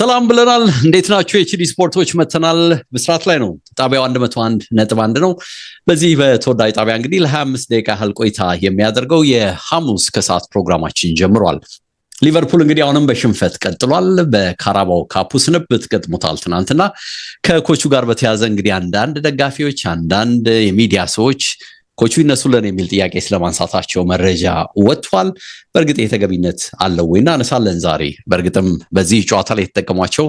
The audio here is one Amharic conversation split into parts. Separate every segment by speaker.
Speaker 1: ሰላም ብለናል። እንዴት ናችሁ? የችዲ ስፖርቶች መተናል። ምስራት ላይ ነው ጣቢያው 101 ነጥብ 1 ነው። በዚህ በተወዳጅ ጣቢያ እንግዲህ ለ25 ደቂቃ ያህል ቆይታ የሚያደርገው የሐሙስ ከሰዓት ፕሮግራማችን ጀምሯል። ሊቨርፑል እንግዲህ አሁንም በሽንፈት ቀጥሏል። በካራባው ካፑ ስንብት ገጥሞታል ትናንትና። ከኮቹ ጋር በተያያዘ እንግዲህ አንዳንድ ደጋፊዎች፣ አንዳንድ የሚዲያ ሰዎች ኮቹ ይነሱልን የሚል ጥያቄ ስለማንሳታቸው መረጃ ወጥቷል። በእርግጥ የተገቢነት አለው ወይ እናነሳለን ዛሬ። በእርግጥም በዚህ ጨዋታ ላይ የተጠቀሟቸው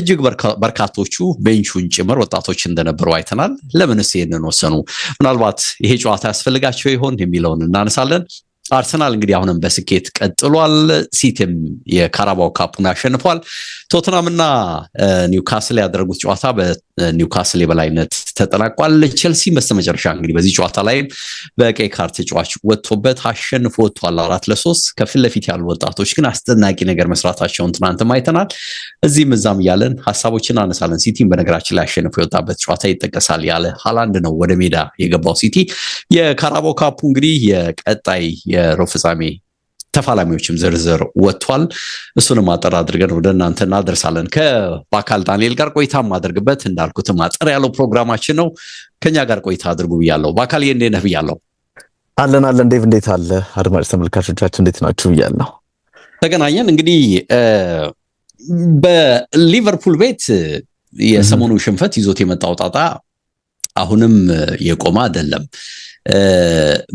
Speaker 1: እጅግ በርካቶቹ ቤንቹን ጭምር ወጣቶች እንደነበሩ አይተናል። ለምንስ ይህንን ወሰኑ? ምናልባት ይሄ ጨዋታ ያስፈልጋቸው ይሆን የሚለውን እናነሳለን። አርሰናል እንግዲህ አሁንም በስኬት ቀጥሏል። ሲቲም የካራባው ካፑን አሸንፏል። ቶትናምና ኒውካስል ያደረጉት ጨዋታ በኒውካስል የበላይነት ተጠናቋል። ቼልሲ በስተመጨረሻ እንግዲህ በዚህ ጨዋታ ላይ በቀይ ካርድ ተጫዋች ወጥቶበት አሸንፎ ወጥቷል አራት ለሶስት። ከፊት ለፊት ያሉ ወጣቶች ግን አስደናቂ ነገር መስራታቸውን ትናንትም አይተናል። እዚህም እዛም እያለን ሀሳቦችን አነሳለን። ሲቲም በነገራችን ላይ አሸንፎ የወጣበት ጨዋታ ይጠቀሳል። ያለ ሀላንድ ነው ወደ ሜዳ የገባው ሲቲ የካራቦ ካፑ እንግዲህ የቀጣይ የሩብ ፍጻሜ ተፋላሚዎችም ዝርዝር ወጥቷል። እሱንም አጠር አድርገን ወደ እናንተ እናደርሳለን። ከባካል ዳንኤል ጋር ቆይታ ማደርግበት እንዳልኩትም አጠር ያለው ፕሮግራማችን ነው። ከኛ ጋር ቆይታ አድርጉ ብያለሁ። ባካል እንዴት ነህ ብያለሁ።
Speaker 2: አለን አለን። ዴቭ እንዴት አለ? አድማጭ ተመልካቾቻችን እንዴት ናችሁ ብያለሁ።
Speaker 1: ተገናኘን እንግዲህ በሊቨርፑል ቤት የሰሞኑ ሽንፈት ይዞት የመጣው ጣጣ አሁንም የቆመ አይደለም።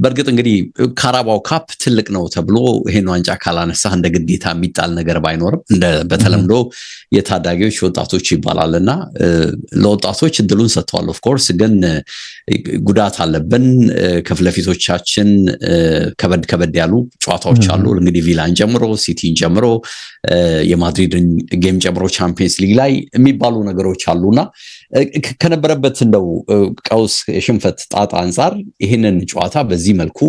Speaker 1: በእርግጥ እንግዲህ ካራባው ካፕ ትልቅ ነው ተብሎ ይሄን ዋንጫ ካላነሳ እንደ ግዴታ የሚጣል ነገር ባይኖርም በተለምዶ የታዳጊዎች ወጣቶች ይባላል እና ለወጣቶች እድሉን ሰጥተዋል። ኦፍኮርስ ግን ጉዳት አለብን። ከፍለፊቶቻችን ከበድ ከበድ ያሉ ጨዋታዎች አሉ። እንግዲህ ቪላን ጨምሮ ሲቲን ጨምሮ የማድሪድን ጌም ጨምሮ ቻምፒየንስ ሊግ ላይ የሚባሉ ነገሮች አሉና ከነበረበት እንደው ቀውስ የሽንፈት ጣጣ አንጻር ይህንን ጨዋታ በዚህ መልኩ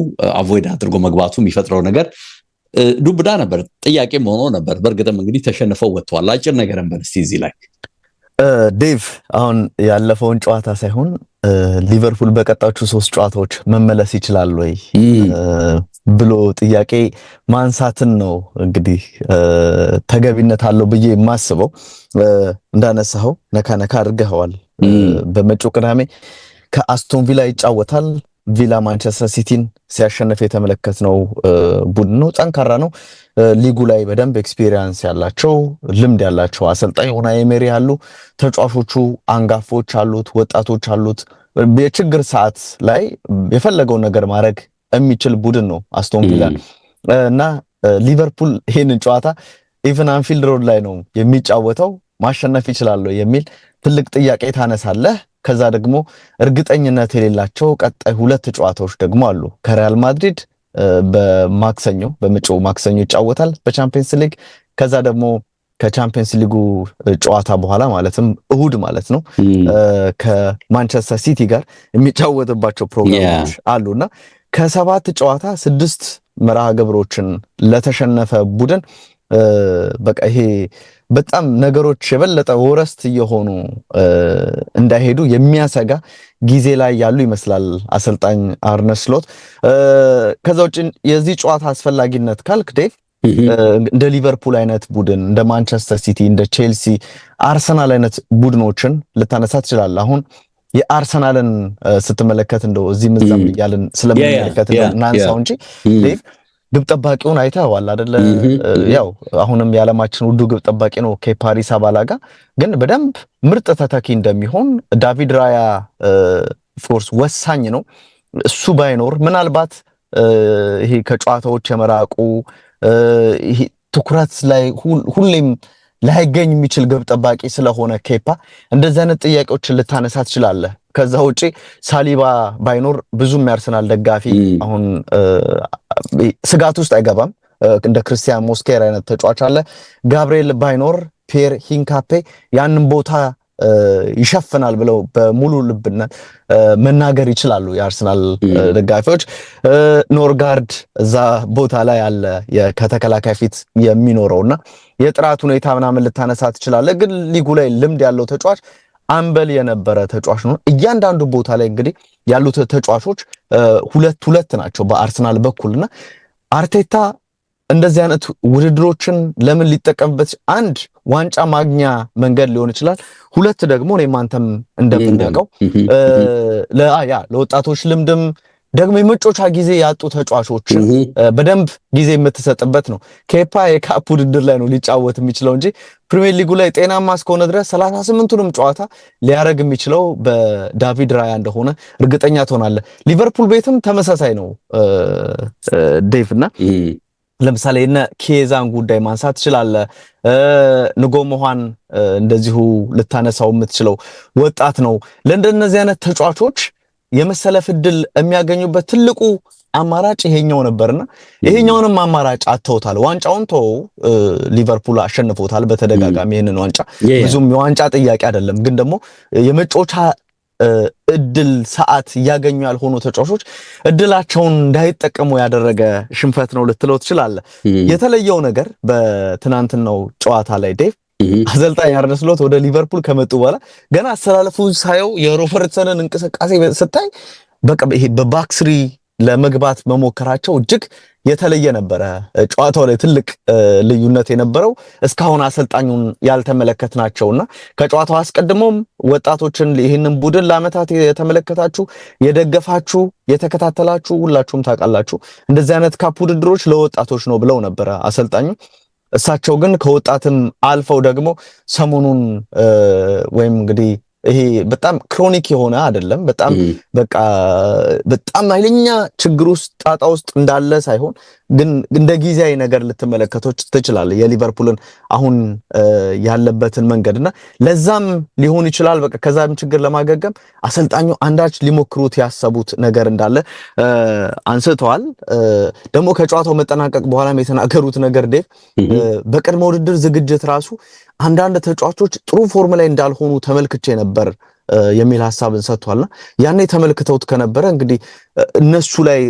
Speaker 1: አቮይድ አድርጎ መግባቱ የሚፈጥረው ነገር ዱብዳ ነበር፣ ጥያቄም ሆኖ ነበር። በእርግጥም እንግዲህ ተሸንፈው ወጥተዋል። አጭር ነገርን በል እዚህ ላይ
Speaker 2: ዴቭ አሁን ያለፈውን ጨዋታ ሳይሆን ሊቨርፑል በቀጣዮቹ ሶስት ጨዋታዎች መመለስ ይችላል ወይ ብሎ ጥያቄ ማንሳትን ነው እንግዲህ ተገቢነት አለው ብዬ የማስበው። እንዳነሳኸው ነካ ነካ አድርገኸዋል። በመጪው ቅዳሜ ከአስቶን ቪላ ይጫወታል። ቪላ ማንቸስተር ሲቲን ሲያሸንፍ የተመለከትነው ቡድን ነው። ጠንካራ ነው። ሊጉ ላይ በደንብ ኤክስፒሪየንስ ያላቸው ልምድ ያላቸው አሰልጣኝ ኡናይ ኤመሪ አሉ። ተጫዋቾቹ አንጋፎች አሉት፣ ወጣቶች አሉት። የችግር ሰዓት ላይ የፈለገውን ነገር ማድረግ የሚችል ቡድን ነው አስቶን ቪላ እና ሊቨርፑል ይህንን ጨዋታ ኢቨን አንፊልድ ሮድ ላይ ነው የሚጫወተው ማሸነፍ ይችላለሁ የሚል ትልቅ ጥያቄ ታነሳለህ። ከዛ ደግሞ እርግጠኝነት የሌላቸው ቀጣይ ሁለት ጨዋታዎች ደግሞ አሉ። ከሪያል ማድሪድ በማክሰኞ በመጪው ማክሰኞ ይጫወታል በቻምፒየንስ ሊግ። ከዛ ደግሞ ከቻምፒየንስ ሊጉ ጨዋታ በኋላ ማለትም እሁድ ማለት ነው ከማንቸስተር ሲቲ ጋር የሚጫወትባቸው ፕሮግራሞች አሉና ከሰባት ጨዋታ ስድስት መርሃ ግብሮችን ለተሸነፈ ቡድን በቃ ይሄ በጣም ነገሮች የበለጠ ወረስት እየሆኑ እንዳይሄዱ የሚያሰጋ ጊዜ ላይ ያሉ ይመስላል አሰልጣኝ አርነ ስሎት። ከዛ ውጭ የዚህ ጨዋታ አስፈላጊነት ካልክ ዴቭ እንደ ሊቨርፑል አይነት ቡድን፣ እንደ ማንቸስተር ሲቲ፣ እንደ ቼልሲ፣ አርሰናል አይነት ቡድኖችን ልታነሳ ትችላለህ። አሁን የአርሰናልን ስትመለከት እንደው እዚህ ምዛም እያልን ስለምንመለከት እናንሳው እንጂ ግብ ጠባቂውን አይተዋል አይደለ? ያው አሁንም የዓለማችን ውዱ ግብ ጠባቂ ነው ከፓሪስ አባላጋ ግን በደንብ ምርጥ ተተኪ እንደሚሆን ዳቪድ ራያ ፎርስ ወሳኝ ነው። እሱ ባይኖር ምናልባት ይሄ ከጨዋታዎች የመራቁ ይሄ ትኩረት ላይ ሁሌም ላይገኝ የሚችል ግብ ጠባቂ ስለሆነ ኬፓ እንደዚህ አይነት ጥያቄዎችን ልታነሳ ትችላለህ። ከዛ ውጪ ሳሊባ ባይኖር ብዙም ያርሰናል ደጋፊ አሁን ስጋት ውስጥ አይገባም። እንደ ክርስቲያን ሞስኬር አይነት ተጫዋች አለ። ጋብርኤል ባይኖር ፒየር ሂንካፔ ያንን ቦታ ይሸፍናል ብለው በሙሉ ልብነት መናገር ይችላሉ የአርሰናል ደጋፊዎች። ኖርጋርድ እዛ ቦታ ላይ ያለ ከተከላካይ ፊት የሚኖረውና የጥራት ሁኔታ ምናምን ልታነሳ ትችላለህ፣ ግን ሊጉ ላይ ልምድ ያለው ተጫዋች አንበል የነበረ ተጫዋች ነው። እያንዳንዱ ቦታ ላይ እንግዲህ ያሉት ተጫዋቾች ሁለት ሁለት ናቸው በአርሰናል በኩልና አርቴታ እንደዚህ አይነት ውድድሮችን ለምን ሊጠቀምበት? አንድ ዋንጫ ማግኛ መንገድ ሊሆን ይችላል። ሁለት ደግሞ እኔም አንተም እንደምናውቀው ለወጣቶች ልምድም ደግሞ የመጮቻ ጊዜ ያጡ ተጫዋቾች በደንብ ጊዜ የምትሰጥበት ነው። ኬፓ የካፕ ውድድር ላይ ነው ሊጫወት የሚችለው እንጂ ፕሪሚየር ሊጉ ላይ ጤናማ እስከሆነ ድረስ ሰላሳ ስምንቱንም ጨዋታ ሊያደረግ የሚችለው በዳቪድ ራያ እንደሆነ እርግጠኛ ትሆናለህ። ሊቨርፑል ቤትም ተመሳሳይ ነው ዴቭ እና ለምሳሌ እነ ኬዛን ጉዳይ ማንሳት ትችላለህ። ንጎ መኋን እንደዚሁ ልታነሳው የምትችለው ወጣት ነው። ለእንደነዚህ አይነት ተጫዋቾች የመሰለፍ እድል የሚያገኙበት ትልቁ አማራጭ ይሄኛው ነበርና ይሄኛውንም አማራጭ አተውታል። ዋንጫውን ተው ሊቨርፑል አሸንፎታል በተደጋጋሚ ይህንን ዋንጫ ብዙም የዋንጫ ጥያቄ አይደለም፣ ግን ደግሞ የመጫወቻ እድል ሰዓት እያገኙ ያልሆኑ ተጫዋቾች እድላቸውን እንዳይጠቀሙ ያደረገ ሽንፈት ነው ልትለው ትችላለህ። የተለየው ነገር በትናንትናው ጨዋታ ላይ ዴቭ አሰልጣኝ አርነ ስሎት ወደ ሊቨርፑል ከመጡ በኋላ ገና አሰላለፉ ሳየው የሮበርትሰንን እንቅስቃሴ ስታይ በቃ ይሄ በባክስሪ ለመግባት መሞከራቸው እጅግ የተለየ ነበረ። ጨዋታው ላይ ትልቅ ልዩነት የነበረው እስካሁን አሰልጣኙን ያልተመለከት ናቸውና ከጨዋታው አስቀድሞም ወጣቶችን ይህንን ቡድን ለአመታት የተመለከታችሁ፣ የደገፋችሁ፣ የተከታተላችሁ ሁላችሁም ታውቃላችሁ እንደዚህ አይነት ካፕ ውድድሮች ለወጣቶች ነው ብለው ነበረ አሰልጣኙ። እሳቸው ግን ከወጣትም አልፈው ደግሞ ሰሞኑን ወይም እንግዲህ ይሄ በጣም ክሮኒክ የሆነ አይደለም። በጣም በቃ በጣም ኃይለኛ ችግር ውስጥ ጣጣ ውስጥ እንዳለ ሳይሆን ግን እንደ ጊዜያዊ ነገር ልትመለከቶች ትችላለህ የሊቨርፑልን አሁን ያለበትን መንገድና ለዛም ሊሆን ይችላል በቃ ከዛም ችግር ለማገገም አሰልጣኙ አንዳች ሊሞክሩት ያሰቡት ነገር እንዳለ አንስተዋል። ደግሞ ከጨዋታው መጠናቀቅ በኋላም የተናገሩት ነገር ዴቭ በቅድመ ውድድር ዝግጅት ራሱ አንዳንድ ተጫዋቾች ጥሩ ፎርም ላይ እንዳልሆኑ ተመልክቼ ነበር ነበር የሚል ሀሳብን ሰጥቷልና ያኔ ተመልክተውት ከነበረ እንግዲህ እነሱ ላይ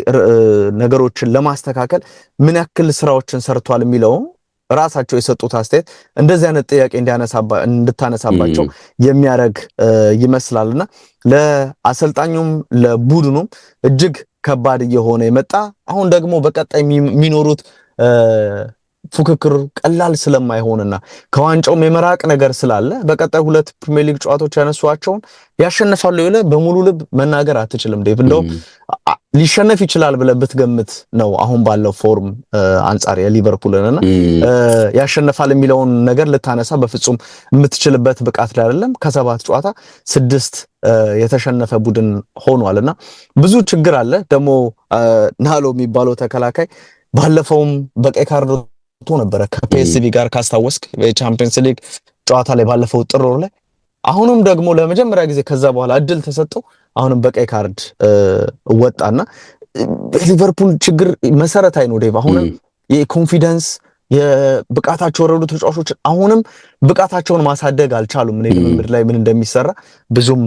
Speaker 2: ነገሮችን ለማስተካከል ምን ያክል ስራዎችን ሰርቷል የሚለው ራሳቸው የሰጡት አስተያየት እንደዚህ አይነት ጥያቄ እንድታነሳባቸው የሚያደርግ ይመስላልና ለአሰልጣኙም ለቡድኑም እጅግ ከባድ እየሆነ የመጣ አሁን ደግሞ በቀጣይ የሚኖሩት ፉክክር ቀላል ስለማይሆንና ከዋንጫውም የመራቅ ነገር ስላለ በቀጣይ ሁለት ፕሪሚየር ሊግ ጨዋታዎች ያነሷቸውን ያሸነፋሉ ብለ በሙሉ ልብ መናገር አትችልም። ዴቭ እንደውም ሊሸነፍ ይችላል ብለ ብትገምት ነው አሁን ባለው ፎርም አንጻር የሊቨርፑልንና ያሸነፋል የሚለውን ነገር ልታነሳ በፍጹም የምትችልበት ብቃት ላይ አይደለም። ከሰባት ጨዋታ ስድስት የተሸነፈ ቡድን ሆኗል እና ብዙ ችግር አለ። ደግሞ ናሎ የሚባለው ተከላካይ ባለፈውም በቀይ ካርድ ቶ ነበረ ከፒኤስቪ ጋር ካስታወስክ በቻምፒየንስ ሊግ ጨዋታ ላይ ባለፈው ጥር ላይ አሁንም ደግሞ ለመጀመሪያ ጊዜ ከዛ በኋላ እድል ተሰጠው። አሁንም በቀይ ካርድ ወጣና ሊቨርፑል ችግር መሰረታዊ ነው ዴቭ አሁንም የኮንፊደንስ የብቃታቸው ረዱ ተጫዋቾች አሁንም ብቃታቸውን ማሳደግ አልቻሉም። እኔ ልምምድ ላይ ምን እንደሚሰራ ብዙም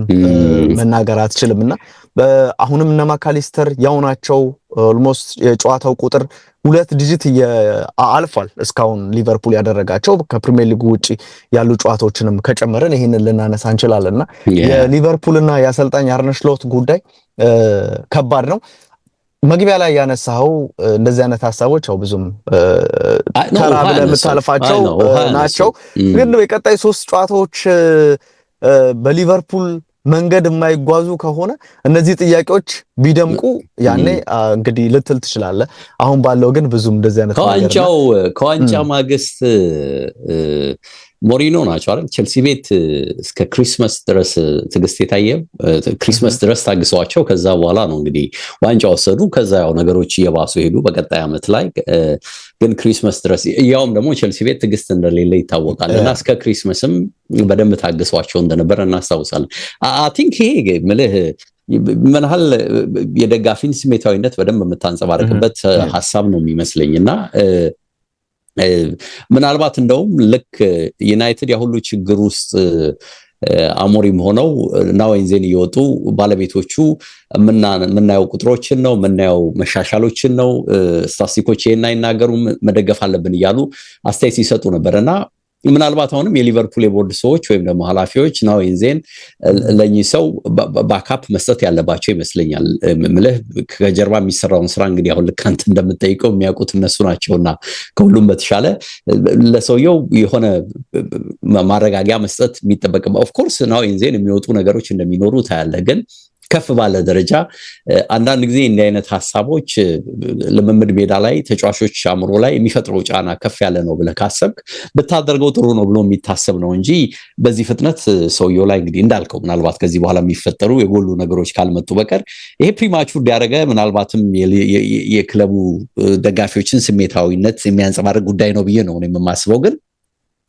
Speaker 2: መናገር አትችልም እና አሁንም እነ ማካሊስተር ያው ናቸው። ኦልሞስት የጨዋታው ቁጥር ሁለት ዲጂት አልፏል። እስካሁን ሊቨርፑል ያደረጋቸው ከፕሪሚየር ሊጉ ውጭ ያሉ ጨዋታዎችንም ከጨመርን ይህንን ልናነሳ እንችላለን እና የሊቨርፑልና የአሰልጣኝ አርነ ስሎት ጉዳይ ከባድ ነው። መግቢያ ላይ ያነሳኸው እንደዚህ አይነት ሀሳቦች ያው ብዙም ተራ ብለህ የምታልፋቸው ናቸው። ግን የቀጣይ ሶስት ጨዋታዎች በሊቨርፑል መንገድ የማይጓዙ ከሆነ እነዚህ ጥያቄዎች ቢደምቁ ያኔ እንግዲህ ልትል ትችላለህ። አሁን ባለው ግን ብዙም እንደዚህ አይነት
Speaker 1: ከዋንጫው ከዋንጫ ማግስት ሞሪኖ ናቸው አይደል? ቸልሲ ቤት እስከ ክሪስመስ ድረስ ትግስት የታየ ክሪስመስ ድረስ ታግሰዋቸው ከዛ በኋላ ነው እንግዲህ ዋንጫ ወሰዱ። ከዛ ያው ነገሮች እየባሱ ሄዱ። በቀጣይ አመት ላይ ግን ክሪስመስ ድረስ ያውም ደግሞ ቸልሲ ቤት ትግስት እንደሌለ ይታወቃል። እና እስከ ክሪስመስም በደንብ ታግሰዋቸው እንደነበረ እናስታውሳለን። አይ ይሄ ምልህ ምንሃል የደጋፊን ስሜታዊነት በደንብ የምታንጸባርቅበት ሀሳብ ነው የሚመስለኝ እና ምናልባት እንደውም ልክ ዩናይትድ ያሁሉ ችግር ውስጥ አሞሪም ሆነው ዜን እየወጡ ባለቤቶቹ የምናየው ቁጥሮችን ነው የምናየው መሻሻሎችን ነው ስታስቲኮች ይህን አይናገሩም መደገፍ አለብን እያሉ አስተያየት ሲሰጡ ነበር እና ምናልባት አሁንም የሊቨርፑል የቦርድ ሰዎች ወይም ደግሞ ኃላፊዎች ና ንዜን ለእኚህ ሰው ባካፕ መስጠት ያለባቸው ይመስለኛል። ምልህ ከጀርባ የሚሰራውን ስራ እንግዲህ አሁን ልክ አንተ እንደምጠይቀው የሚያውቁት እነሱ ናቸውና ከሁሉም በተሻለ ለሰውየው የሆነ ማረጋጊያ መስጠት የሚጠበቅ ኦፍኮርስ ናው ኢንዜን የሚወጡ ነገሮች እንደሚኖሩ ታያለህ ግን ከፍ ባለ ደረጃ አንዳንድ ጊዜ እንዲህ አይነት ሀሳቦች ልምምድ ሜዳ ላይ ተጫዋቾች አእምሮ ላይ የሚፈጥረው ጫና ከፍ ያለ ነው ብለህ ካሰብክ ብታደርገው ጥሩ ነው ብሎ የሚታሰብ ነው እንጂ በዚህ ፍጥነት ሰውየው ላይ እንግዲህ እንዳልከው ምናልባት ከዚህ በኋላ የሚፈጠሩ የጎሉ ነገሮች ካልመጡ በቀር ይሄ ፕሪማቹር ዳያረገ ምናልባትም የክለቡ ደጋፊዎችን ስሜታዊነት የሚያንጸባርቅ ጉዳይ ነው ብዬ ነው የማስበው ግን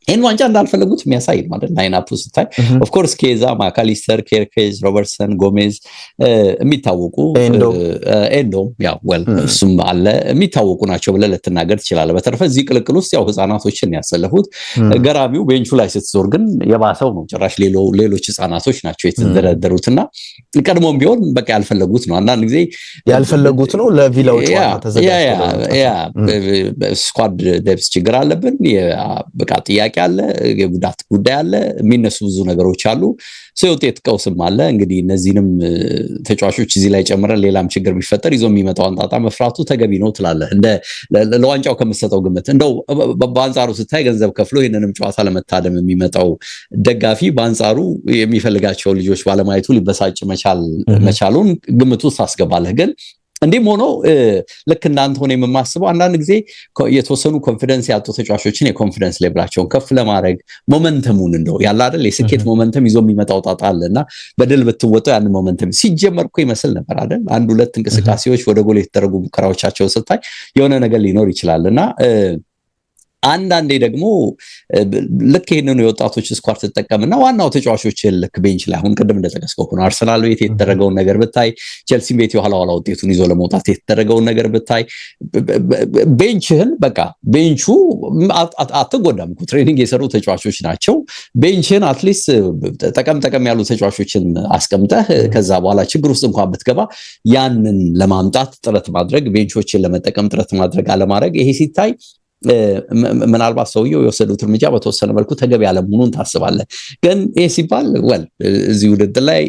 Speaker 1: ይህን ዋንጫ እንዳልፈለጉት የሚያሳይ ነው አይደል? ላይናፑ ስታይ ኦፍኮርስ ኬዛ፣ ማካሊስተር፣ ኬርኬዝ፣ ሮበርትሰን፣ ጎሜዝ የሚታወቁ ኤንዶም ያው እሱም አለ የሚታወቁ ናቸው ብለ ልትናገር ትችላለ በተረፈ እዚህ ቅልቅል ውስጥ ያው ህፃናቶችን ያሰለፉት ገራሚው ቤንቹ ላይ ስትዞር ግን የባሰው ነው። ጭራሽ ሌሎች ህፃናቶች ናቸው የተደረደሩት እና ቀድሞም ቢሆን በቃ ያልፈለጉት ነው። አንዳንድ ጊዜ
Speaker 2: ያልፈለጉት ነው ለቪላው
Speaker 1: ስኳድ ደብስ ችግር አለብን በቃ ጥያቄ ጥያቄ አለ፣ የጉዳት ጉዳይ አለ፣ የሚነሱ ብዙ ነገሮች አሉ። ሰው የውጤት ቀውስም አለ። እንግዲህ እነዚህንም ተጫዋቾች እዚህ ላይ ጨምረን ሌላም ችግር ቢፈጠር ይዞ የሚመጣው አንጣጣ መፍራቱ ተገቢ ነው ትላለህ። ለዋንጫው ከምትሰጠው ግምት እንደው በአንጻሩ ስታይ ገንዘብ ከፍሎ ይህንንም ጨዋታ ለመታደም የሚመጣው ደጋፊ በአንጻሩ የሚፈልጋቸውን ልጆች ባለማየቱ ሊበሳጭ መቻሉን ግምት ውስጥ ታስገባለህ ግን እንዲህም ሆኖ ልክ እናንተ ሆነ የምማስበው አንዳንድ ጊዜ የተወሰኑ ኮንፊደንስ ያጡ ተጫዋቾችን የኮንፊደንስ ሌብላቸውን ከፍ ለማድረግ ሞመንተሙን እንደው ያለ አይደል የስኬት ሞመንተም ይዞ የሚመጣው ጣጣ አለ እና በድል ብትወጠው ያን ሞመንተም ሲጀመር እኮ ይመስል ነበር አይደል አንድ ሁለት እንቅስቃሴዎች ወደ ጎል የተደረጉ ሙከራዎቻቸውን ስታይ የሆነ ነገር ሊኖር ይችላል እና አንዳንዴ ደግሞ ልክ ይህንኑ የወጣቶች ስኳር ትጠቀምና ዋናው ተጫዋቾችን ልክ ቤንች ላይ አሁን ቅድም እንደጠቀስከው ነው አርሰናል ቤት የተደረገውን ነገር ብታይ፣ ቼልሲን ቤት የኋላ ኋላ ውጤቱን ይዞ ለመውጣት የተደረገውን ነገር ብታይ፣ ቤንችህን በቃ ቤንቹ አትጎዳም። ትሬኒንግ የሰሩ ተጫዋቾች ናቸው። ቤንችህን አትሊስት ጠቀም ጠቀም ያሉ ተጫዋቾችን አስቀምጠህ ከዛ በኋላ ችግር ውስጥ እንኳን ብትገባ ያንን ለማምጣት ጥረት ማድረግ ቤንቾችን ለመጠቀም ጥረት ማድረግ አለማድረግ ይሄ ሲታይ ምናልባት ሰውየው የወሰዱት እርምጃ በተወሰነ መልኩ ተገቢ ያለመሆኑን ታስባለህ። ግን ይህ ሲባል ወል እዚህ ውድድር ላይ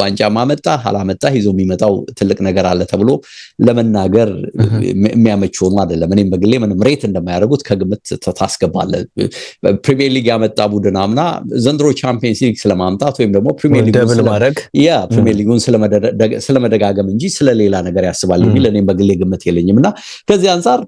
Speaker 1: ዋንጫ ማመጣ አላመጣ ይዞ የሚመጣው ትልቅ ነገር አለ ተብሎ ለመናገር የሚያመች ሆኑ አይደለም። እኔም በግሌ ምንም ሬት እንደማያደርጉት ከግምት ታስገባለህ። ፕሪሚየር ሊግ ያመጣ ቡድን አምና ዘንድሮ ቻምፒየንስ ሊግ ስለማምጣት ወይም ደግሞ ፕሪሚየር ሊጉን ስለመደጋገም እንጂ ስለሌላ ነገር ያስባል የሚል እኔም በግሌ ግምት የለኝም እና ከዚህ አንጻር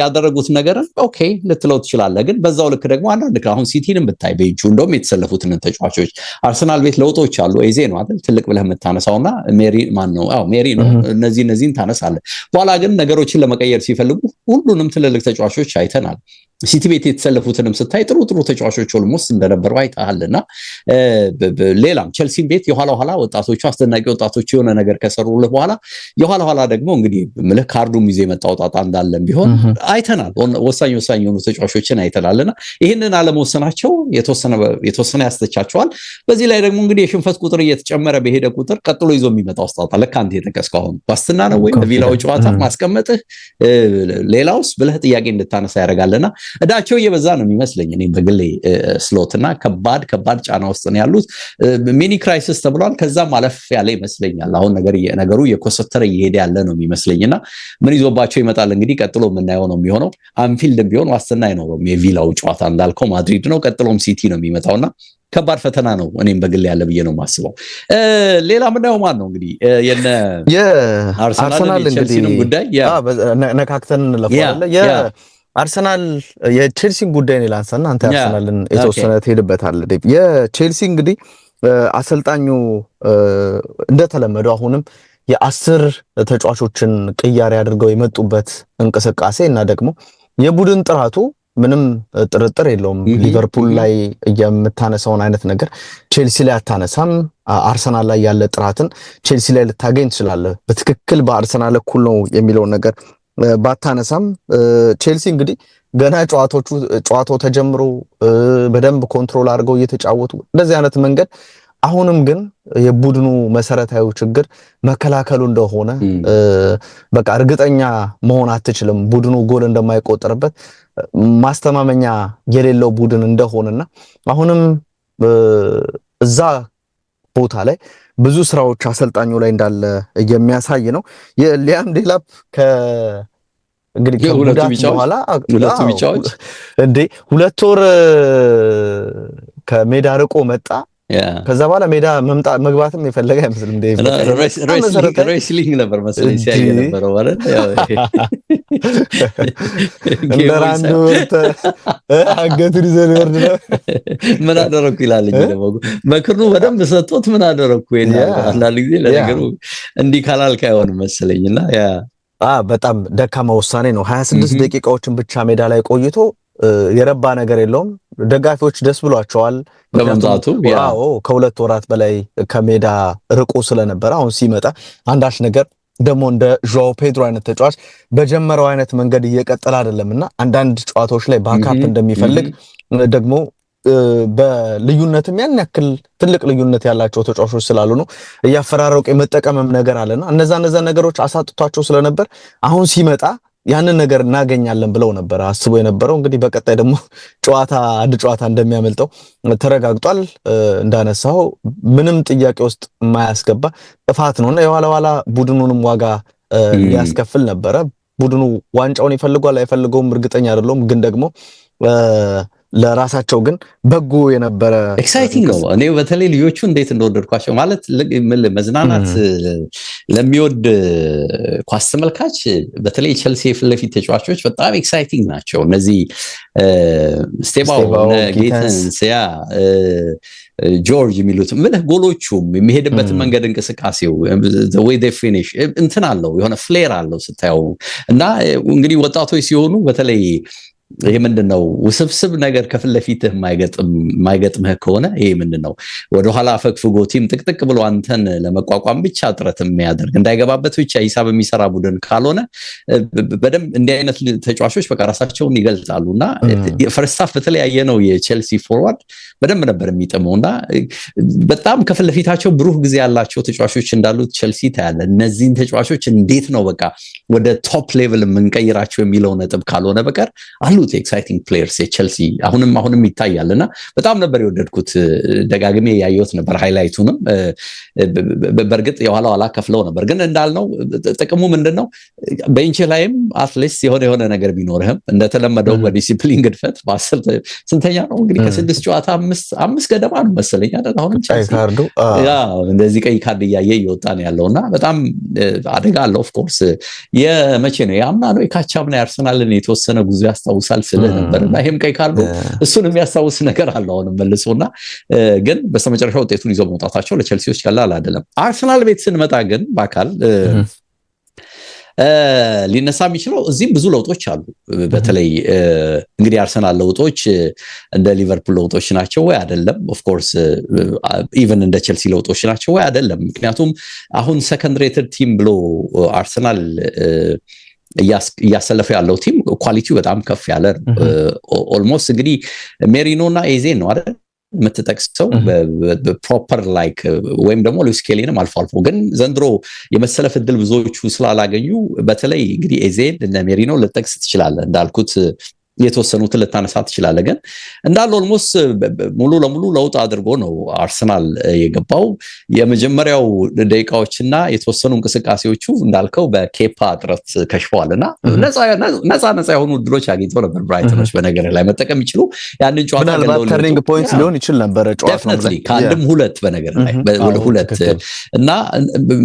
Speaker 1: ያደረጉት ነገር ነገርን ኦኬ ልትለው ትችላለህ። ግን በዛው ልክ ደግሞ አንዳንድ አሁን ሲቲንም ብታይ በእጁ እንደውም የተሰለፉትን ተጫዋቾች አርሰናል ቤት ለውጦች አሉ። ኤዜ ነው አይደል ትልቅ ብለህ የምታነሳው የምታነሳውና ሜሪ ማን ነው? አዎ ሜሪ ነው። እነዚህ እነዚህን ታነሳለህ። በኋላ ግን ነገሮችን ለመቀየር ሲፈልጉ ሁሉንም ትልልቅ ተጫዋቾች አይተናል። ሲቲ ቤት የተሰለፉትንም ስታይ ጥሩ ጥሩ ተጫዋቾች ኦልሞስት እንደነበሩ አይተሃል። እና ሌላም ቸልሲም ቤት የኋላ ኋላ ወጣቶቹ አስደናቂ ወጣቶች የሆነ ነገር ከሰሩልህ በኋላ የኋላ ኋላ ደግሞ እንግዲህ ምልህ ካርዱም ይዞ የመጣ ወጣጣ እንዳለም ቢሆን አይተናል። ወሳኝ ወሳኝ የሆኑ ተጫዋቾችን አይተናል። እና ይህንን አለመወሰናቸው የተወሰነ ያስተቻቸዋል። በዚህ ላይ ደግሞ እንግዲህ የሽንፈት ቁጥር እየተጨመረ በሄደ ቁጥር ቀጥሎ ይዞ የሚመጣ ወስጣጣ ልክ አንተ የጠቀስከው አሁን ዋስትና ነው ወይም ቪላው ጨዋታ ማስቀመጥህ ሌላውስ ብለህ ጥያቄ እንድታነሳ ያደርጋልና እዳቸው እየበዛ ነው የሚመስለኝ እኔ በግሌ ስሎት እና ከባድ ከባድ ጫና ውስጥ ነው ያሉት። ሚኒ ክራይሲስ ተብሏል። ከዛ ማለፍ ያለ ይመስለኛል። አሁን ነገሩ የኮሰተረ እየሄደ ያለ ነው የሚመስለኝ እና ምን ይዞባቸው ይመጣል እንግዲህ ቀጥሎ የምናየው ነው የሚሆነው። አንፊልድም ቢሆን ዋስትና አይኖረውም። የቪላው ጨዋታ እንዳልከው ማድሪድ ነው፣ ቀጥሎም ሲቲ ነው የሚመጣውና ከባድ ፈተና ነው። እኔም በግል ያለ ብዬ ነው የማስበው። ሌላ ምናየው ማን ነው እንግዲህ
Speaker 2: የነ አርሰናል
Speaker 1: ቼልሲንም ጉዳይ
Speaker 2: ነካክተን እንለፈዋለን። አርሰናል የቼልሲን ጉዳይ ነው ላንሳና አንተ አርሰናልን የተወሰነ ትሄድበታል። ዴቭ የቼልሲ እንግዲህ አሰልጣኙ እንደተለመደው አሁንም የአስር ተጫዋቾችን ቅያሬ አድርገው የመጡበት እንቅስቃሴ እና ደግሞ የቡድን ጥራቱ ምንም ጥርጥር የለውም። ሊቨርፑል ላይ የምታነሳውን አይነት ነገር ቼልሲ ላይ አታነሳም። አርሰናል ላይ ያለ ጥራትን ቼልሲ ላይ ልታገኝ ትችላለህ። በትክክል በአርሰናል እኩል ነው የሚለውን ነገር ባታነሳም ቼልሲ እንግዲህ ገና ጨዋታዎቹ ጨዋታው ተጀምሮ በደንብ ኮንትሮል አድርገው እየተጫወቱ እንደዚህ አይነት መንገድ አሁንም ግን የቡድኑ መሰረታዊ ችግር መከላከሉ እንደሆነ በቃ እርግጠኛ መሆን አትችልም። ቡድኑ ጎል እንደማይቆጠርበት ማስተማመኛ የሌለው ቡድን እንደሆነና አሁንም እዛ ቦታ ላይ ብዙ ስራዎች አሰልጣኙ ላይ እንዳለ የሚያሳይ ነው። የሊያም ዴላፕ ከ እንግዲህ
Speaker 1: ከጉዳት በኋላ
Speaker 2: ሁለቱ ቢጫዎች እንዴ ሁለት ወር ከሜዳ ርቆ መጣ። ከዛ በኋላ ሜዳ መግባትም የፈለገ አይመስልም።
Speaker 1: ሬስሊንግ ነበር መሰለኝ ሲያየ ነበረው
Speaker 2: ማለት እንደ ራንድ ወርተ አንገቱን ይዘን ወርድ ነው
Speaker 1: ምን አደረግኩ ይላል እ መክሩ በደንብ ሰጥቶት ምን አደረግኩ አንዳንድ ጊዜ ለነገሩ እንዲህ ካላልክ አይሆንም መሰለኝ እና
Speaker 2: በጣም ደካማ ውሳኔ ነው። ሀያ ስድስት ደቂቃዎችን ብቻ ሜዳ ላይ ቆይቶ የረባ ነገር የለውም። ደጋፊዎች ደስ ብሏቸዋል በመምጣቱ። ከሁለት ወራት በላይ ከሜዳ ርቆ ስለነበረ አሁን ሲመጣ አንዳች ነገር ደግሞ እንደ ዣኦ ፔድሮ አይነት ተጫዋች በጀመረው አይነት መንገድ እየቀጠለ አይደለም እና አንዳንድ ጨዋታዎች ላይ ባካፕ እንደሚፈልግ ደግሞ በልዩነትም ያን ያክል ትልቅ ልዩነት ያላቸው ተጫዋቾች ስላሉ ነው እያፈራረቁ የመጠቀምም ነገር አለና እነዛ እነዛ ነገሮች አሳጥቷቸው ስለነበር አሁን ሲመጣ ያንን ነገር እናገኛለን ብለው ነበረ አስቦ የነበረው። እንግዲህ በቀጣይ ደግሞ ጨዋታ አንድ ጨዋታ እንደሚያመልጠው ተረጋግጧል። እንዳነሳው ምንም ጥያቄ ውስጥ የማያስገባ ጥፋት እና የኋላ ኋላ ቡድኑንም ዋጋ ሊያስከፍል ነበረ። ቡድኑ ዋንጫውን ይፈልጓል አይፈልገውም እርግጠኛ አይደለሁም፣ ግን ደግሞ ለራሳቸው ግን በጎ የነበረ
Speaker 1: ኤክሳይቲንግ ነው። እኔ በተለይ ልጆቹ እንዴት እንደወደድኳቸው ማለት መዝናናት ለሚወድ ኳስ ተመልካች በተለይ ቸልሲ የፊት ለፊት ተጫዋቾች በጣም ኤክሳይቲንግ ናቸው። እነዚህ ስቴባው ጌተንስ፣ ያ ጆርጅ የሚሉት ምን ጎሎቹም የሚሄድበትን መንገድ እንቅስቃሴው ወይ ፊኒሽ እንትን አለው የሆነ ፍሌር አለው ስታየው እና እንግዲህ ወጣቶች ሲሆኑ በተለይ ይሄ ምንድን ነው? ውስብስብ ነገር ከፊት ለፊትህ የማይገጥምህ ከሆነ ይሄ ምንድን ነው? ወደኋላ አፈግፍጎ ቲም ጥቅጥቅ ብሎ አንተን ለመቋቋም ብቻ ጥረት የሚያደርግ እንዳይገባበት ብቻ ሂሳብ የሚሰራ ቡድን ካልሆነ በደንብ እንዲህ አይነት ተጫዋቾች በቃ ራሳቸውን ይገልጣሉ። እና ፈርስታፍ በተለያየ ነው የቼልሲ ፎርዋርድ በደንብ ነበር የሚጥመው እና በጣም ከፊት ለፊታቸው ብሩህ ጊዜ ያላቸው ተጫዋቾች እንዳሉት ቼልሲ ታያለ። እነዚህን ተጫዋቾች እንዴት ነው በቃ ወደ ቶፕ ሌቭል የምንቀይራቸው የሚለው ነጥብ ካልሆነ በቀር አሉት ኤክሳይቲንግ ፕሌየርስ የቸልሲ አሁንም አሁንም ይታያል እና በጣም ነበር የወደድኩት። ደጋግሜ ያየሁት ነበር ሃይላይቱንም። በእርግጥ የኋላ ኋላ ከፍለው ነበር፣ ግን እንዳልነው ጥቅሙ ምንድን ነው? በኢንች ላይም አትሊስት የሆነ የሆነ ነገር ቢኖርህም እንደተለመደው በዲሲፕሊን ግድፈት ስንተኛ ነው እንግዲህ ከስድስት ጨዋታ አምስት ገደማ ነው መሰለኝ አይደል? አሁንም እንደዚህ ቀይ ካርድ እያየ እየወጣ ነው ያለው እና በጣም አደጋ አለው ኦፍኮርስ የመቼ ነው የአምና ነው የካቻምና የአርሰናልን የተወሰነ ጉዞ ያስታውሳል ስልህ ነበር እና ይህም ቀይ ካርዱ እሱን የሚያስታውስ ነገር አለ። አሁንም መልሶ እና ግን በስተመጨረሻ ውጤቱን ይዘው መውጣታቸው ለቸልሲዎች ቀላል አይደለም። አርሰናል ቤት ስንመጣ ግን በአካል ሊነሳ የሚችለው እዚህም ብዙ ለውጦች አሉ። በተለይ እንግዲህ አርሰናል ለውጦች እንደ ሊቨርፑል ለውጦች ናቸው ወይ አይደለም? ኦፍኮርስ ኢቨን እንደ ቼልሲ ለውጦች ናቸው ወይ አይደለም? ምክንያቱም አሁን ሰከንድ ሬትድ ቲም ብሎ አርሰናል እያሰለፈ ያለው ቲም ኳሊቲው በጣም ከፍ ያለ ኦልሞስት እንግዲህ ሜሪኖ እና ኤዜን ነው አይደል የምትጠቅሰው ፕሮፐር ላይክ ወይም ደግሞ ሉዊስ ኬሊንም አልፎ አልፎ ግን ዘንድሮ የመሰለፍ እድል ብዙዎቹ ስላላገኙ በተለይ እንግዲህ ኤዜን እነ ሜሪኖ ልጠቅስ ትችላለ እንዳልኩት የተወሰኑትን ልታነሳ ትችላለ። ግን እንዳለ ኦልሞስ ሙሉ ለሙሉ ለውጥ አድርጎ ነው አርሰናል የገባው። የመጀመሪያው ደቂቃዎችና የተወሰኑ እንቅስቃሴዎቹ እንዳልከው በኬፓ ጥረት ከሽፈዋል እና ነፃ ነፃ የሆኑ እድሎች አግኝተው ነበር ብራይተኖች በነገር ላይ መጠቀም ይችሉ ያንን
Speaker 2: ጨዋታተርኒንግ ፖይንት ሊሆን ይችል ነበረ
Speaker 1: ጨዋታ ከአንድም ሁለት በነገር ላይ ሁለት እና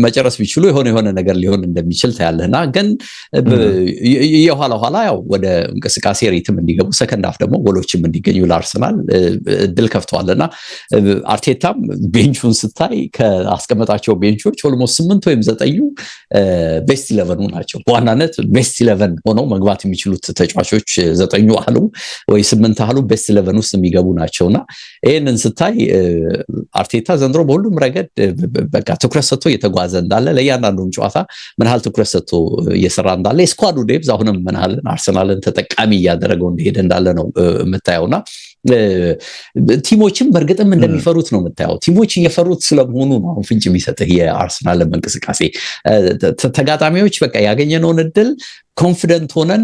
Speaker 1: መጨረስ ቢችሉ የሆነ የሆነ ነገር ሊሆን እንደሚችል ታያለህና ግን የኋላ ኋላ ያው ወደ እንቅስቃሴ ሬትም እንዲገቡ ሰከንድ ሀፍ ደግሞ ጎሎችም እንዲገኙ ለአርሰናል እድል ከፍተዋል እና አርቴታም ቤንቹን ስታይ ከአስቀመጣቸው ቤንቾች ኦልሞስት ስምንት ወይም ዘጠኙ ቤስት ኢለቨኑ ናቸው። በዋናነት ቤስት ኢለቨን ሆነው መግባት የሚችሉት ተጫዋቾች ዘጠኙ አሉ ወይ ስምንት አሉ ቤስት ኢለቨን ውስጥ የሚገቡ ናቸው ናቸውና ይህንን ስታይ አርቴታ ዘንድሮ በሁሉም ረገድ በቃ ትኩረት ሰጥቶ እየተጓዘ እንዳለ ለእያንዳንዱም ጨዋታ ምንሃል ትኩረት ሰጥቶ እየሰራ እንዳለ የስኳዱ ዴብዝ አሁንም ምን አርሰናልን ተጠቃሚ እያደረ እያደረገው እንደሄደ እንዳለ ነው የምታየው ቲሞችም በእርግጥም እንደሚፈሩት ነው የምታየው። ቲሞች እየፈሩት ስለመሆኑ ነው አሁን ፍንጭ የሚሰጥህ የአርሰናልም እንቅስቃሴ። ተጋጣሚዎች በቃ ያገኘነውን እድል ኮንፊደንት ሆነን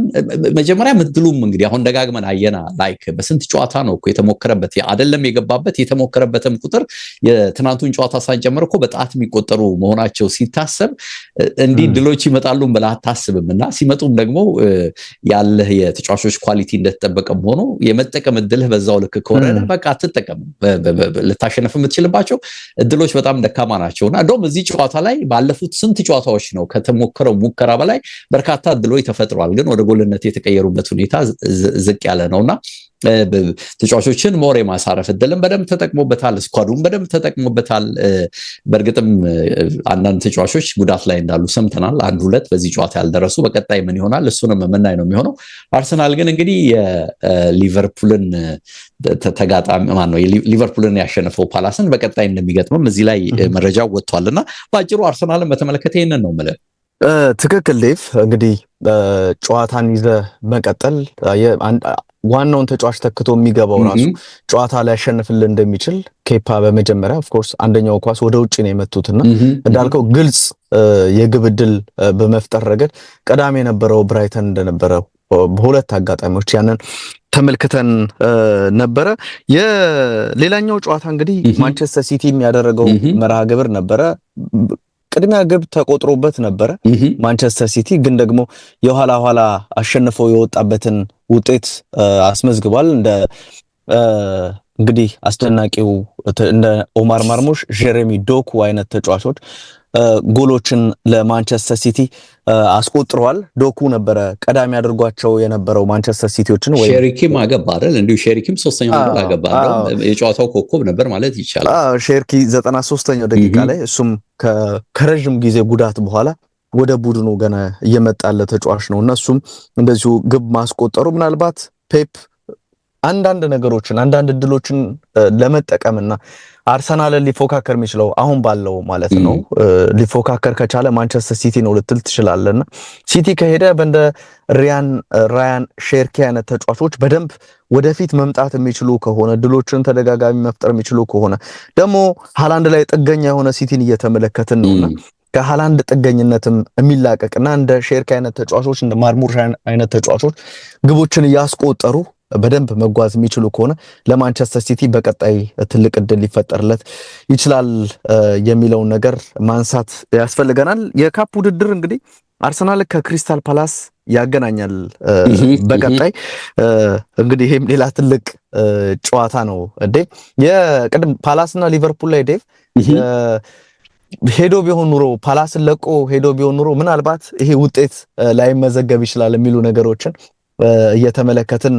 Speaker 1: መጀመሪያ ምድሉም እንግዲህ አሁን ደጋግመን አየና ላይክ በስንት ጨዋታ ነው እኮ የተሞከረበት አደለም የገባበት የተሞከረበትም ቁጥር የትናንቱን ጨዋታ ሳንጨምር እኮ በጣት የሚቆጠሩ መሆናቸው ሲታሰብ እንዲህ ድሎች ይመጣሉ ብላ አታስብም እና ሲመጡም ደግሞ ያለህ የተጫዋቾች ኳሊቲ እንደተጠበቀም ሆኖ የመጠቀም እድልህ በዛው ልክ ከሆነ በቃ አትጠቀም ልታሸነፍ የምትችልባቸው እድሎች በጣም ደካማ ናቸው እና እንደውም እዚህ ጨዋታ ላይ ባለፉት ስንት ጨዋታዎች ነው ከተሞከረው ሙከራ በላይ በርካታ እድሎች ተብሎ ተፈጥሯል፣ ግን ወደ ጎልነት የተቀየሩበት ሁኔታ ዝቅ ያለ ነውና ተጫዋቾችን ሞር የማሳረፍ እድልም በደንብ ተጠቅሞበታል። ስኳዱም በደንብ ተጠቅሞበታል። በእርግጥም አንዳንድ ተጫዋቾች ጉዳት ላይ እንዳሉ ሰምተናል። አንድ ሁለት በዚህ ጨዋታ ያልደረሱ በቀጣይ ምን ይሆናል እሱንም የምናይ ነው የሚሆነው። አርሰናል ግን እንግዲህ የሊቨርፑልን ተጋጣሚ ማን ነው ሊቨርፑልን ያሸነፈው ፓላስን በቀጣይ እንደሚገጥምም እዚህ ላይ መረጃ ወጥቷል እና በአጭሩ አርሰናልን በተመለከተ ይህንን ነው የምልህ።
Speaker 2: ትክክል ዴቭ። እንግዲህ ጨዋታን ይዘ መቀጠል ዋናውን ተጫዋች ተክቶ የሚገባው ራሱ ጨዋታ ሊያሸንፍልን እንደሚችል ኬፓ በመጀመሪያ ኦፍኮርስ አንደኛው ኳስ ወደ ውጭ ነው የመቱትና እንዳልከው ግልጽ የግብ ዕድል በመፍጠር ረገድ ቀዳሚ የነበረው ብራይተን እንደነበረ በሁለት አጋጣሚዎች ያንን ተመልክተን ነበረ። የሌላኛው ጨዋታ እንግዲህ ማንቸስተር ሲቲ የሚያደረገው መርሃ ግብር ነበረ። ቅድሚያ ግብ ተቆጥሮበት ነበረ ማንቸስተር ሲቲ ግን ደግሞ የኋላ ኋላ አሸንፈው የወጣበትን ውጤት አስመዝግቧል። እንደ እንግዲህ አስደናቂው እንደ ኦማር ማርሞሽ ጀሬሚ ዶኩ አይነት ተጫዋቾች ጎሎችን ለማንቸስተር ሲቲ አስቆጥረዋል። ዶኩ ነበረ ቀዳሚ አድርጓቸው የነበረው ማንቸስተር ሲቲዎችን።
Speaker 1: ሼሪኪም አገባ አይደል? እንዲሁ ሼሪኪም ሶስተኛ ጎል አገባ። የጨዋታው ኮከብ ነበር ማለት
Speaker 2: ይቻላል። ሼርኪ ዘጠና ሶስተኛው ደቂቃ ላይ እሱም ከረዥም ጊዜ ጉዳት በኋላ ወደ ቡድኑ ገና እየመጣለ ተጫዋች ነው እና እሱም እንደዚሁ ግብ ማስቆጠሩ ምናልባት ፔፕ አንዳንድ ነገሮችን አንዳንድ እድሎችን ለመጠቀምና አርሰናልን ሊፎካከር የሚችለው አሁን ባለው ማለት ነው ሊፎካከር ከቻለ ማንቸስተር ሲቲ ነው ልትል ትችላለን። ሲቲ ከሄደ በእንደ ሪያን ራያን ሼርኪ አይነት ተጫዋቾች በደንብ ወደፊት መምጣት የሚችሉ ከሆነ ድሎችን ተደጋጋሚ መፍጠር የሚችሉ ከሆነ ደግሞ ሃላንድ ላይ ጥገኛ የሆነ ሲቲን እየተመለከትን ነውና ከሀላንድ ጥገኝነትም የሚላቀቅና እንደ ሼርኪ አይነት ተጫዋቾች እንደ ማርሙር አይነት ተጫዋቾች ግቦችን እያስቆጠሩ በደንብ መጓዝ የሚችሉ ከሆነ ለማንቸስተር ሲቲ በቀጣይ ትልቅ እድል ሊፈጠርለት ይችላል የሚለውን ነገር ማንሳት ያስፈልገናል። የካፕ ውድድር እንግዲህ አርሰናል ከክሪስታል ፓላስ ያገናኛል በቀጣይ እንግዲህ ይህም ሌላ ትልቅ ጨዋታ ነው። እንዴ የቅድም ፓላስና ሊቨርፑል ላይ ዴቭ ሄዶ ቢሆን ኑሮ ፓላስን ለቆ ሄዶ ቢሆን ኑሮ ምናልባት ይሄ ውጤት ላይመዘገብ ይችላል የሚሉ ነገሮችን እየተመለከትን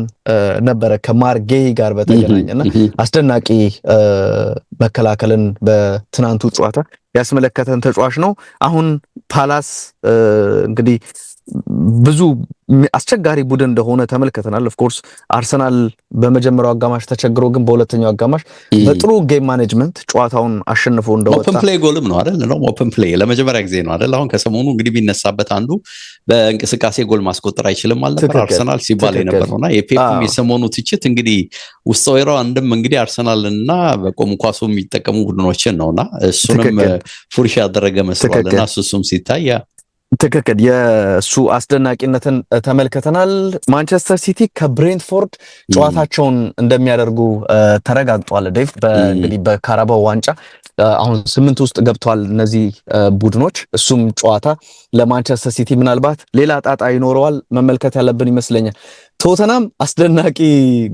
Speaker 2: ነበረ ከማርጌ ጋር በተገናኘ እና አስደናቂ መከላከልን በትናንቱ ጨዋታ ያስመለከተን ተጫዋች ነው። አሁን ፓላስ እንግዲህ ብዙ አስቸጋሪ ቡድን እንደሆነ ተመልክተናል። ኦፍኮርስ አርሰናል በመጀመሪያው አጋማሽ ተቸግሮ፣ ግን በሁለተኛው አጋማሽ በጥሩ ጌም ማኔጅመንት ጨዋታውን አሸንፎ
Speaker 1: እንደወጣ ኦፕን ፕሌይ ጎልም ነው አይደል? ነው ኦፕን ፕሌይ ለመጀመሪያ ጊዜ ነው አይደል? አሁን ከሰሞኑ እንግዲህ ቢነሳበት አንዱ በእንቅስቃሴ ጎል ማስቆጠር አይችልም አልነበር አርሰናል ሲባል የነበረውና የፔፕም የሰሞኑ ትችት እንግዲህ ውስጥ ወይራው አንድም እንግዲህ አርሰናልና በቆሙ ኳሱ የሚጠቀሙ ቡድኖችን ነውና እሱንም ፉርሽ ያደረገ መስሏልና እሱም ሲታይ
Speaker 2: ትክክል። የእሱ አስደናቂነትን ተመልክተናል። ማንቸስተር ሲቲ ከብሬንትፎርድ ጨዋታቸውን እንደሚያደርጉ ተረጋግጧል። ዴቭ እንግዲህ በካራባው ዋንጫ አሁን ስምንት ውስጥ ገብተዋል እነዚህ ቡድኖች። እሱም ጨዋታ ለማንቸስተር ሲቲ ምናልባት ሌላ ጣጣ ይኖረዋል መመልከት ያለብን ይመስለኛል። ቶተናም አስደናቂ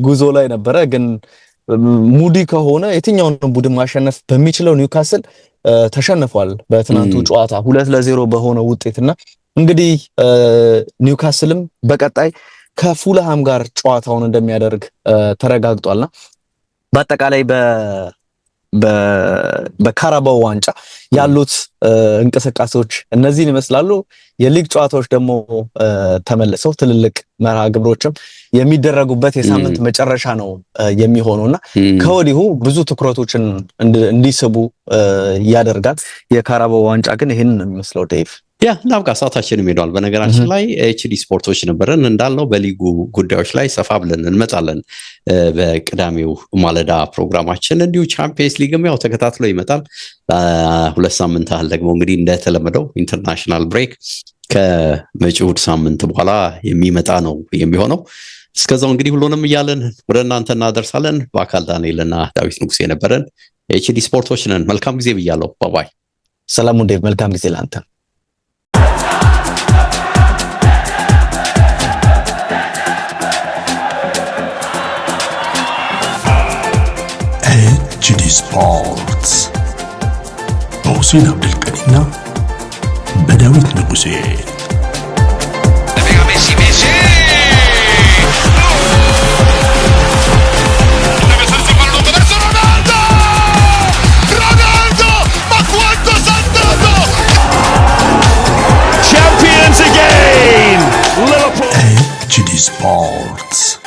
Speaker 2: ጉዞ ላይ ነበረ ግን ሙዲ ከሆነ የትኛውንም ቡድን ማሸነፍ በሚችለው ኒውካስል ተሸንፏል በትናንቱ ጨዋታ ሁለት ለዜሮ በሆነ ውጤትና እንግዲህ ኒውካስልም በቀጣይ ከፉልሃም ጋር ጨዋታውን እንደሚያደርግ ተረጋግጧልና በአጠቃላይ በካራባው ዋንጫ ያሉት እንቅስቃሴዎች እነዚህን ይመስላሉ። የሊግ ጨዋታዎች ደግሞ ተመልሰው ትልልቅ መርሃ ግብሮችም የሚደረጉበት የሳምንት መጨረሻ ነው የሚሆኑ እና ከወዲሁ ብዙ ትኩረቶችን እንዲስቡ ያደርጋል። የካራባው ዋንጫ ግን ይህን ነው የሚመስለው ዴቭ።
Speaker 1: ያ ላብቃ፣ ሰዓታችንም ሄዷል። በነገራችን ላይ ኤችዲ ስፖርቶች ነበረን እንዳልነው በሊጉ ጉዳዮች ላይ ሰፋ ብለን እንመጣለን በቅዳሜው ማለዳ ፕሮግራማችን። እንዲሁ ቻምፒየንስ ሊግም ያው ተከታትሎ ይመጣል። ሁለት ሳምንት ያህል ደግሞ እንግዲህ እንደተለመደው ኢንተርናሽናል ብሬክ ከመጪው ሳምንት በኋላ የሚመጣ ነው የሚሆነው። እስከዛው እንግዲህ ሁሉንም እያለን ወደ እናንተ እናደርሳለን። በአካል ዳንኤልና ዳዊት ንጉሴ የነበረን ኤችዲ ስፖርቶች ነን። መልካም ጊዜ ብያለሁ። ባባይ
Speaker 2: ሰላሙ ውዴ መልካም ጊዜ ለአንተ። ስፖርትስ በሁሴን አብዱልቀኒና በዳዊት ንጉሴ Sports.